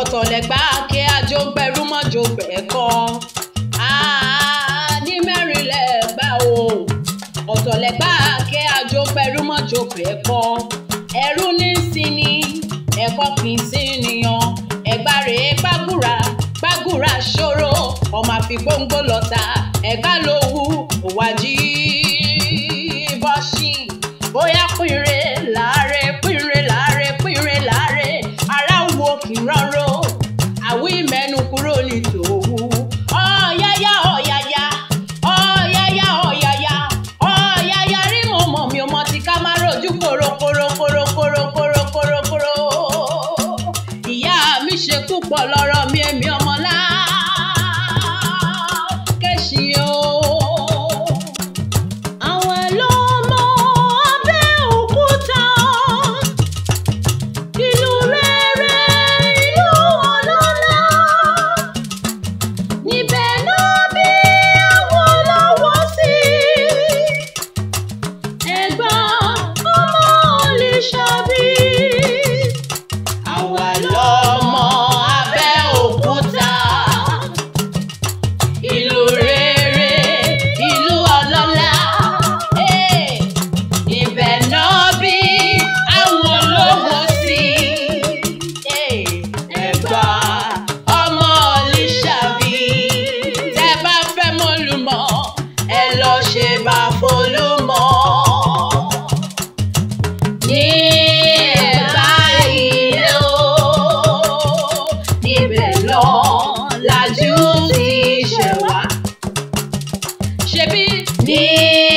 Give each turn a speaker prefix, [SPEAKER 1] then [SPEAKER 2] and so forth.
[SPEAKER 1] ọ̀tọ̀lẹ̀gbá kí ajó gbẹrú mọ́jọ bẹ́ẹ̀ kọ́ ní mẹ́rin lẹ́gbà o ọ̀tọ̀lẹ̀gbá kí ajó gbẹrú mọ́jọ bẹ́ẹ̀ kọ́ ẹrú ní sinmi ẹ̀kọ́ kì í sí ènìyàn ẹ̀gbá rèé gbàgùrà gbàgùrà ṣòro ọmọ àfi gbòǹgbò lọ́ta ẹ̀gbá lówù òwájú ìṣekúpọ̀ lọ́rọ̀ mi èmi ọmọ Yeah.